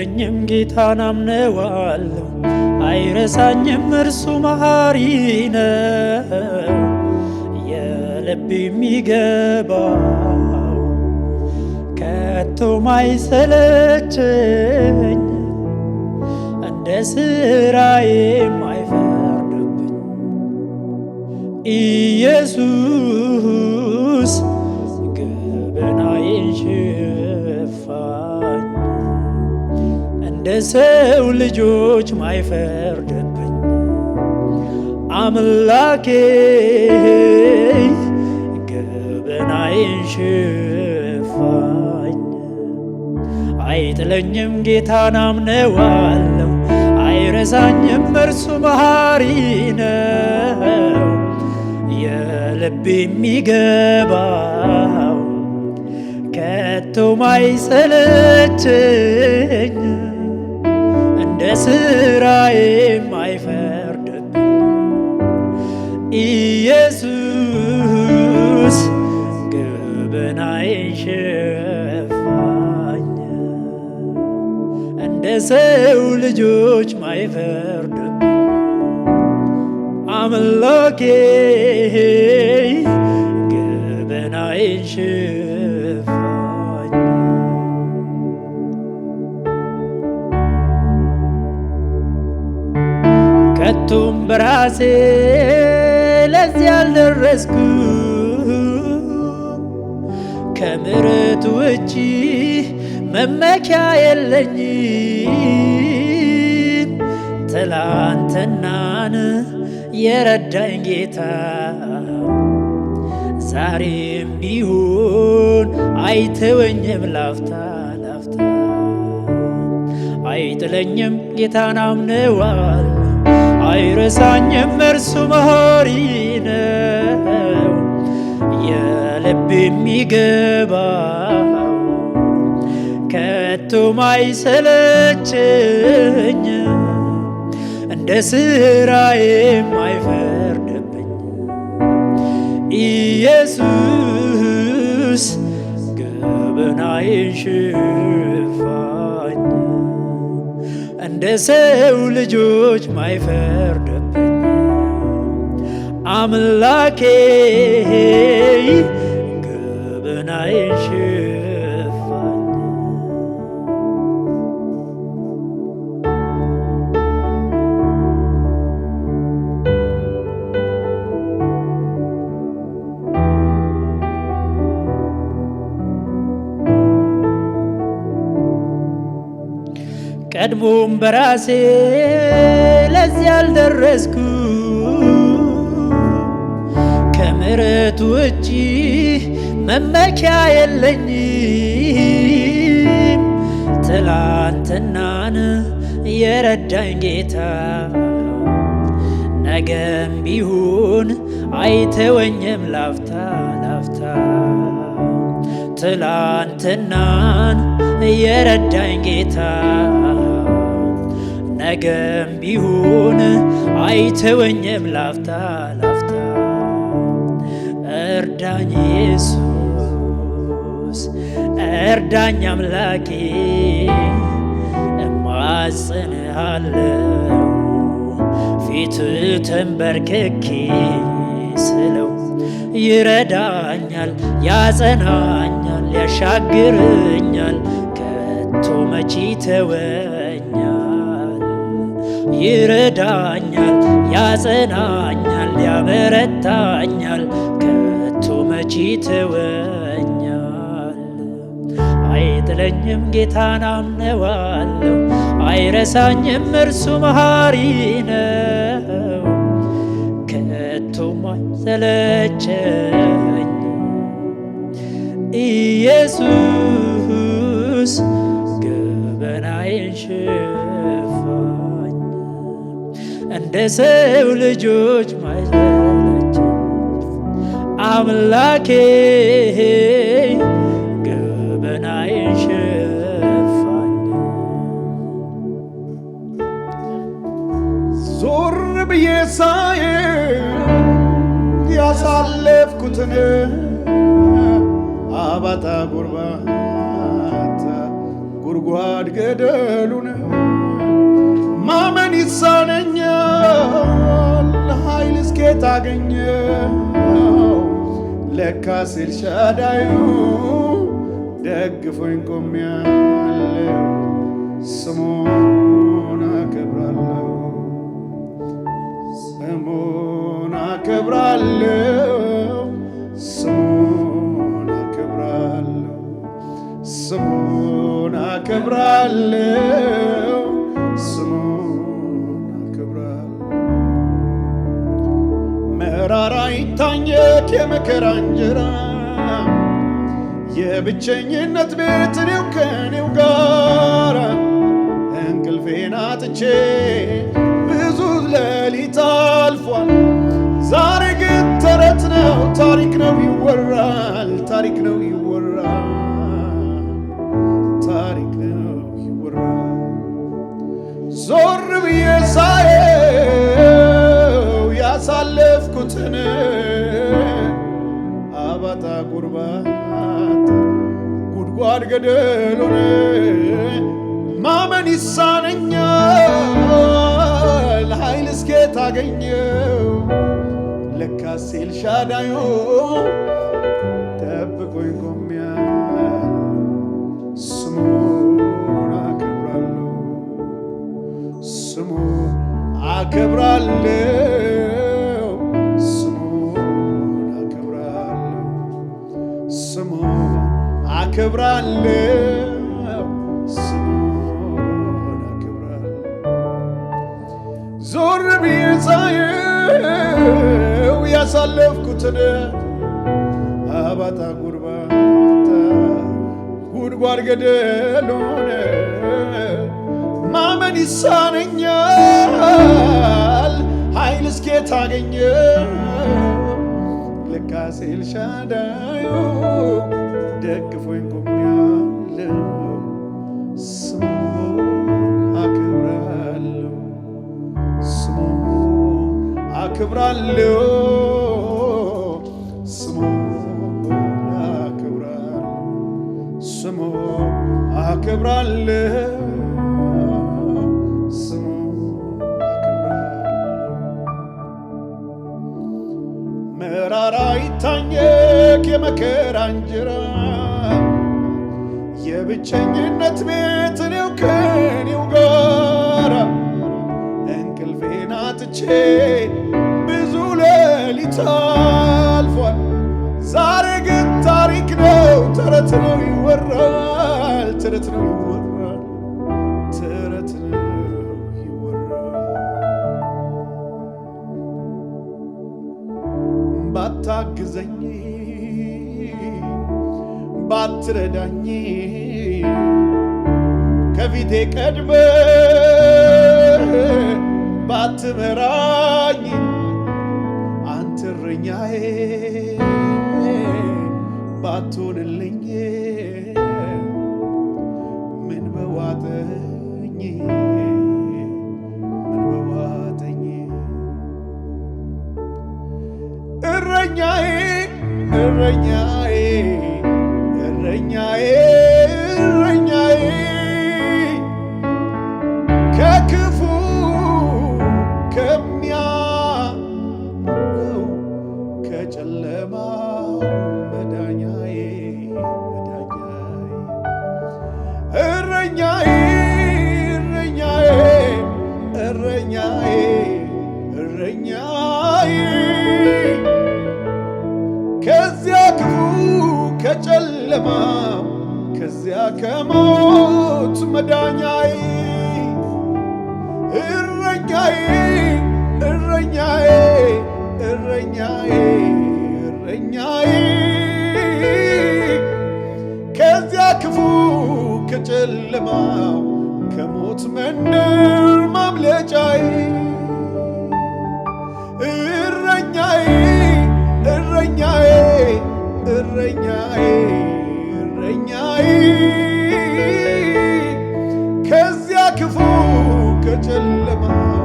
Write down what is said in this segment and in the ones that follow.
አይጥለኝም ጌታን አምነዋለሁ አይረሳኝም እርሱ መሐሪ ነው የልብ የሚገባው ከቶ ማይሰለቸኝ እንደ ስራዬ ማይፈርድብኝ ኢየሱስ ለሰው ልጆች ማይፈርድብኝ አምላኬ ገበናዬን ሽፋኝ። አይጥለኝም ጌታን አምነዋለሁ፣ አይረሳኝም እርሱ መሐሪ ነው። የልብ የሚገባው ከቶ ማይሰለቸኝ እንደ ስራዬ የማይፈርድብኝ ኢየሱስ ገበናዬን ሸፋኝ እንደ ሰው ልጆች ማይፈርድብኝ አምላኬ ገበናዬን ምክንያቱም በራሴ ለዚህ ያልደረስኩ ከምሕረቱ ውጪ መመኪያ የለኝም። ትላንትናን የረዳኝ ጌታ ዛሬም ቢሆን አይተወኝም ላፍታ ላፍታ አይጥለኝም ጌታን አምነዋል አይረሳኝም እርሱ መሐሪ ነው። የልብ የሚገባው ከቶም አይሰለቸኝ፣ እንደ ስራዬም አይፈርድብኝ። ኢየሱስ እንደ ሰው ልጆች ማይፈርድብኝ አምላኬ ግብናይሽ ቀድሞም በራሴ ለዚህ ያልደረስኩ ከምሕረቱ ውጪ መመኪያ የለኝም። ትላንትናን የረዳኝ ጌታ ነገም ቢሆን አይተወኝም ላፍታ ላፍታ ትላንትናን የረዳኝ ጌታ ነገም ቢሆን አይተወኝም ላፍታ ላፍታ እርዳኝ ኢየሱስ እርዳኝ አምላኬ እማጽንሃለው ፊት ተንበርክኬ ስለው ይረዳኛል ያጸናኛል ያሻግረኛል ከቶ መቼ ተወ ይረዳኛል፣ ያጸናኛል፣ ያበረታኛል ከቶ መቺ ትወኛል። አይጥለኝም ጌታን አምነዋለሁ፣ አይረሳኝም እርሱ መሐሪ ነው። ከቶም አይሰለቸኝ ኢየሱስ ገበናዬን እንደ ሰው ልጆች ማይላቸው አምላኬ ገበናዬን ሸፋኝ። ዞር ብዬ ሳይ ያሳለፍኩትን አባጣ ጎርባታ ጉድጓድ ገደሉን እንዴት አገኘው ለካስ ኤልሻዳዩ ደግፎኝ ቆሜያለሁ ስሙን አከብራለሁ ስሙን አከብራለሁ ስሙን አከብራለሁ ስሙን አከብራለሁ ቤት የመከራ እንጀራ የብቸኝነት ቤት እኔው ከኔው ጋራ እንቅልፌን አጥቼ ብዙ ሌሊት አልፏል። ዛሬ ግን ተረት ነው፣ ታሪክ ነው ይወራል፣ ታሪክ ነው ይወራል፣ ታሪክ ነው ይወራል። ዞር ብዬ ሳየው ያሳለፍኩትን ሲፈት ጉድጓድ ገደሉን ማመን ይሳነኛል ኃይል እስኬ ታገኘው ለካስ ኤልሻዳዩ ጠብቆኝ ቆሜያለሁ ስሙን አከብራለሁ ስሙን አከብራለሁ አከብራለሁ ስሙን አከብራለሁ ዞር ብዬ ሳየው ያሳለፍኩትን አባጣ ጉድጓድ ጉድጓድ ገደሉን ማመን ይሳነኛል ኃይል እስኬት አገኘ ልካሴ ልሻዳዩ ደግፎኝ ቆሜያለሁ፣ ስሙን አከብራለሁ፣ ስሙን አከብራለሁ፣ ስሙን መራራ ይታኘክ የመከራ እንጀራ የብቸኝነት ቤት እኔው ከኔው ጋራ እንቅልፌን አጥቼ ብዙ ሌሊት አልፏል። ዛሬ ግን ታሪክ ነው፣ ተረት ነው ይወራል፣ ተረት ነው ይወራል፣ ተረት ነው ይወራል። ባታግዘኝ ባትረዳኝ ከፊቴ ቀድመ ባትመራኝ አንተ እረኛዬ ባትሆንልኝ ምን በዋጠኝ ምን በዋጠኝ እረኛዬ እረኛዬ Señor. ዓለማ ከዚያ ከሞት መዳኛዬ እረኛዬ እረኛዬ እረኛዬ እረኛዬ ከዚያ ክፉ ከጨለማ ከሞት መንደር ማምለጫዬ እረኛዬ እረኛዬ እረኛዬ እረኛዬ ከዚያ ክፉ ከጨለማው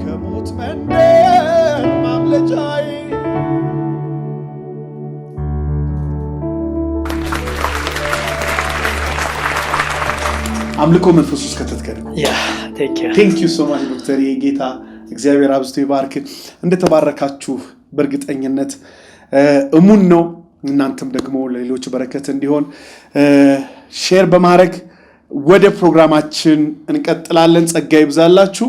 ከሞት መንደር ማምለጫዬ አምልኮ መንፈስ ውስጥ ከተትከደ ቴንክ ዩ ሶ ማች ዶክተር ጌታ እግዚአብሔር አብዝቶ ይባርክ። እንደተባረካችሁ በእርግጠኝነት እሙን ነው። እናንተም ደግሞ ለሌሎች በረከት እንዲሆን ሼር በማድረግ ወደ ፕሮግራማችን እንቀጥላለን። ጸጋ ይብዛላችሁ።